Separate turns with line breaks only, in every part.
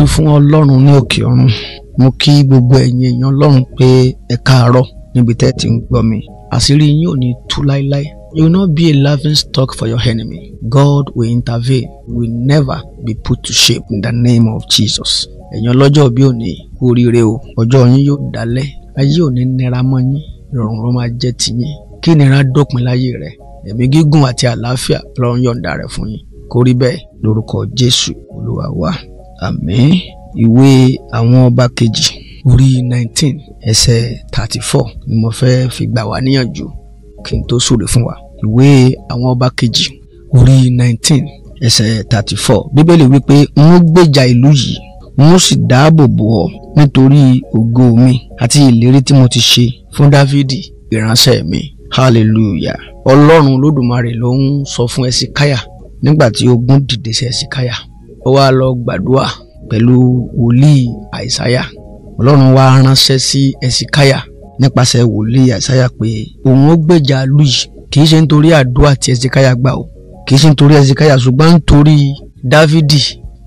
ní fún ọlọ́run ní òkè ọ̀run mo kí gbogbo ẹ̀yin èèyàn ọlọ́run pé ẹ káàárọ̀ níbi tẹ́ ti ń gbọ́ mi àṣírí yín ò ní tú láéláé you will not be a laughing stock for your enemy God will intervene you will never be put to shame in the name of Jesus ẹ̀yin ọlọ́jọ́ bí òní kú oríire o ọjọ́ yín yóò dálẹ̀ ayé òní nira mọ́ yín ìrọ̀rùn ló máa jẹ́ tiyín kí nira dópin láyé rẹ ẹ̀mí gígùn àti àlàáfíà lọ́n yọ̀ǹda rẹ̀ fún yín kó bẹ́ẹ̀ lórúkọ Jésù Olúwa wa àmín ìwé àwọn ọba kejì orí nineteen ẹsẹ̀ thirty four ni mo fẹ́ fi gbà wá níyànjú kí n tó súre fún wa ìwé àwọn ọba kejì orí nineteen ẹsẹ̀ thirty four bíbélì wípé n ó gbèjà ìlú yìí n ó sì dáàbò bò ọ́ nítorí ògo mi àti ìlérí tí mo ti ṣe fún Dáfídì ìránṣẹ́ mi hallelujah ọlọ́run lódùmarè ló ń sọ fún ẹsíkáyà nígbà tí ogun dìde sí ẹsíkáyà ó wá lọ gbàdúrà pẹ̀lú wòlíì àìsáyà ọlọ́run wá ránṣẹ́ sí ẹ̀sìkáyà nípasẹ̀ wòlíì àìsáyà pé òun ó gbèjà lùyì kì í ṣe nítorí àdúrà tí ẹ̀sìkáyà gbà o kì í ṣe nítorí ẹ̀sìkáyà ṣùgbọ́n nítorí dávidi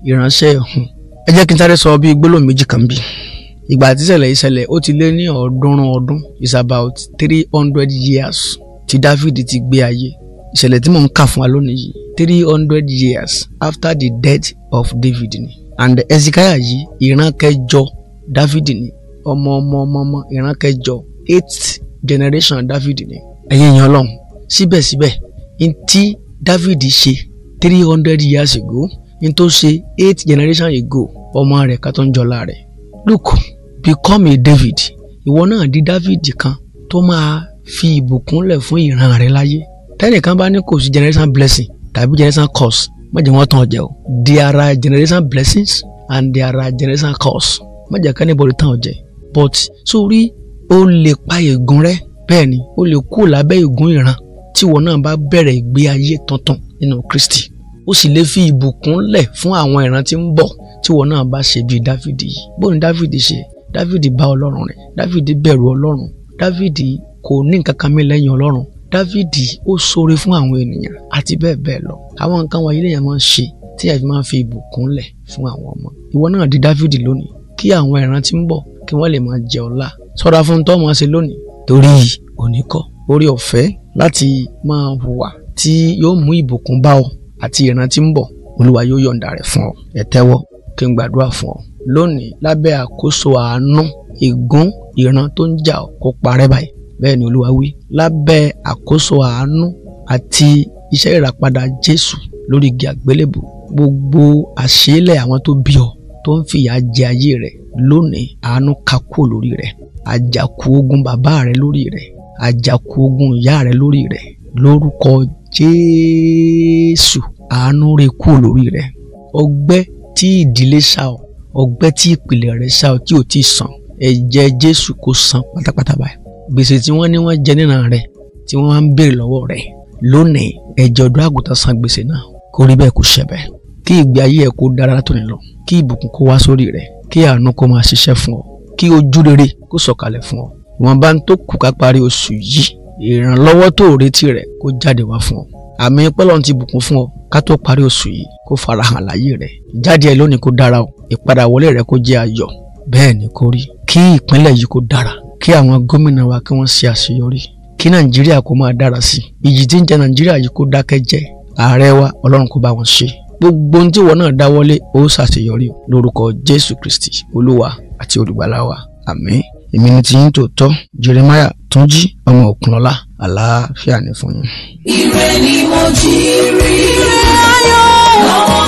ìránṣẹ́ ẹ̀hún ẹ jẹ́ kí n sáré sọ bí gbólóhùn méjì kan bí ìgbà tí ìṣẹ̀lẹ̀ ìṣẹ̀lẹ̀ ó ti lé ní ọ̀ọ́dúnrún ọdún is about three hundred years tí dávidi ti gbé ayé ìṣẹ̀lẹ̀ tí mò ń kà fún wa lónìí yìí three hundred years after the death of David ni and Hezekiah yìí ìran kẹjọ David ni ọmọ ọmọ ọmọ ọmọ ìran kẹjọ eighth generation David ni ẹ̀yin èèyàn Ọlọ́run síbẹ̀síbẹ̀ n tí David ṣe three hundred years ago n tó ṣe eight generation ago ọmọ rẹ̀ ká tó ń jọlá rẹ̀ look become a David ìwọ náà di David kan tó máa fi ìbùkún lẹ̀ fún ìran rẹ̀ láyé tẹ́nìkan bá ní kò sí generation blessing tàbí generation curse má jẹ́ wọ́n tàn jẹ o there are generation blessings and there are generation curse má jẹ́ kẹ́ni bọ̀dọ̀ tàn jẹ but sórí o lè pa ègún rẹ bẹ́ẹ̀ ni o lè kú lábẹ́ ègún ìran tíwọ náà bá bẹ̀rẹ̀ ìgbé ayé tuntun nínú Christy. ó sì lè fi ìbùkún lẹ̀ fún àwọn ìran tí ń bọ̀ tíwọ náà bá ṣe bíi Dáfídì yìí bó ni Dáfídì ṣe Dáfídì bá Ọlọ́run rìn Dáfídì bẹ̀rù Ọlọ́run Dáfídì kò ní nǹkan kan mí lẹ́yìn Ọlọ́run dávìdì ó ṣoore fún àwọn ènìyàn àti bẹ́ẹ̀ bẹ́ẹ̀ lọ àwọn nǹkan wọ̀nyí lèèyàn máa ń ṣe tí àfi máa ń fi ìbùkún lẹ̀ fún àwọn ọmọ ìwọ náà di dávìdì lónìí kí àwọn ìran tí ń bọ̀ kí wọ́n lè máa jẹ ọlá ṣọ́ra fún tó máa ṣe lónìí torí oníkọ́ orí ọ̀fẹ́ láti máa hùwà tí yóò mú ìbùkún bá ọ àti ìran tí ń bọ̀ olúwa yóò yọ̀ǹda rẹ̀ fún ọ ẹ kí n gbàdúrà fún ọ lónìí lábẹ́ àkóso àánú ìgún ìran tó ń jà ọ kó parẹ́ báyìí bẹ́ẹ̀ ni olúwa wí lábẹ́ àkóso àánú àti iṣẹ́ ìràpadà jésù lórí igi àgbélébù gbogbo àṣélẹ̀ àwọn tó bí ọ tó ń fìyà jẹ ayé rẹ lónìí àánú ka kúrò lórí rẹ àjàkú ogun bàbá rẹ lórí rẹ àjàkú ogun ìyá rẹ lórí rẹ lórúkọ jésù àánú rẹ kúrò lórí rẹ ọgbẹ́ tí ìdílé ṣá ọ ọgbẹ́ tí ìpìlẹ̀ rẹ ṣá ọ tí ò ti sàn ẹ̀jẹ̀ jésù kò sàn pátápátá báyìí gbèsè tí wọ́n ní wọ́n jẹ nínú rẹ̀ tí wọ́n wá ń béèrè lọ́wọ́ rẹ̀ lónìí ẹ̀jẹ̀ ọ̀dọ́ àgùntàn san gbèsè náà kó rí bẹ́ẹ̀ kó ṣẹ bẹ́ẹ̀ kí ìgbé ayé ẹ̀ kó dára tó nílò kí ìbùkún kó wá sórí rẹ̀ kí àánú kó máa ṣiṣẹ́ fún ọ kí ojú rere kó sọ̀kalẹ̀ fún ọ ìwọ̀nba ń tó kù ká parí oṣù yìí ìrànlọ́wọ́ tó retí rẹ̀ kó jáde wá fún ọ àmì pẹ́lọ́n ti bùkún fún ọ ká tó parí oṣù yìí kó farahàn láyé rẹ̀ jáde ẹ lónìí kó dára ìpadà wọlé rẹ̀ kó jẹ́ ayọ̀ bẹ́ẹ̀ ni kó rí kí ìpínlẹ̀ yìí kó dára kí àwọn gómìnà wa kí wọ́n ṣe àṣeyọrí kí nàìjíríà kó máa dára sí i ìjì tí ń jẹ nàìjíríà yìí kó dákẹ́ jẹ́ ààrẹ wa ọlọ́run kó bá wọn ṣe gbogbo ohun tí ìwọ náà dáwọ́lé ó ṣàṣeyọrí lórúkọ jésù kristi olúwa àti olùgbàlà wa àmín èmi ni ti yín tòótọ́ jeremiah túnjí ọmọ òkunlọ́lá àlàáfíà ní fún yín. ire ni mo jí rí ayọ̀ lọ́wọ́.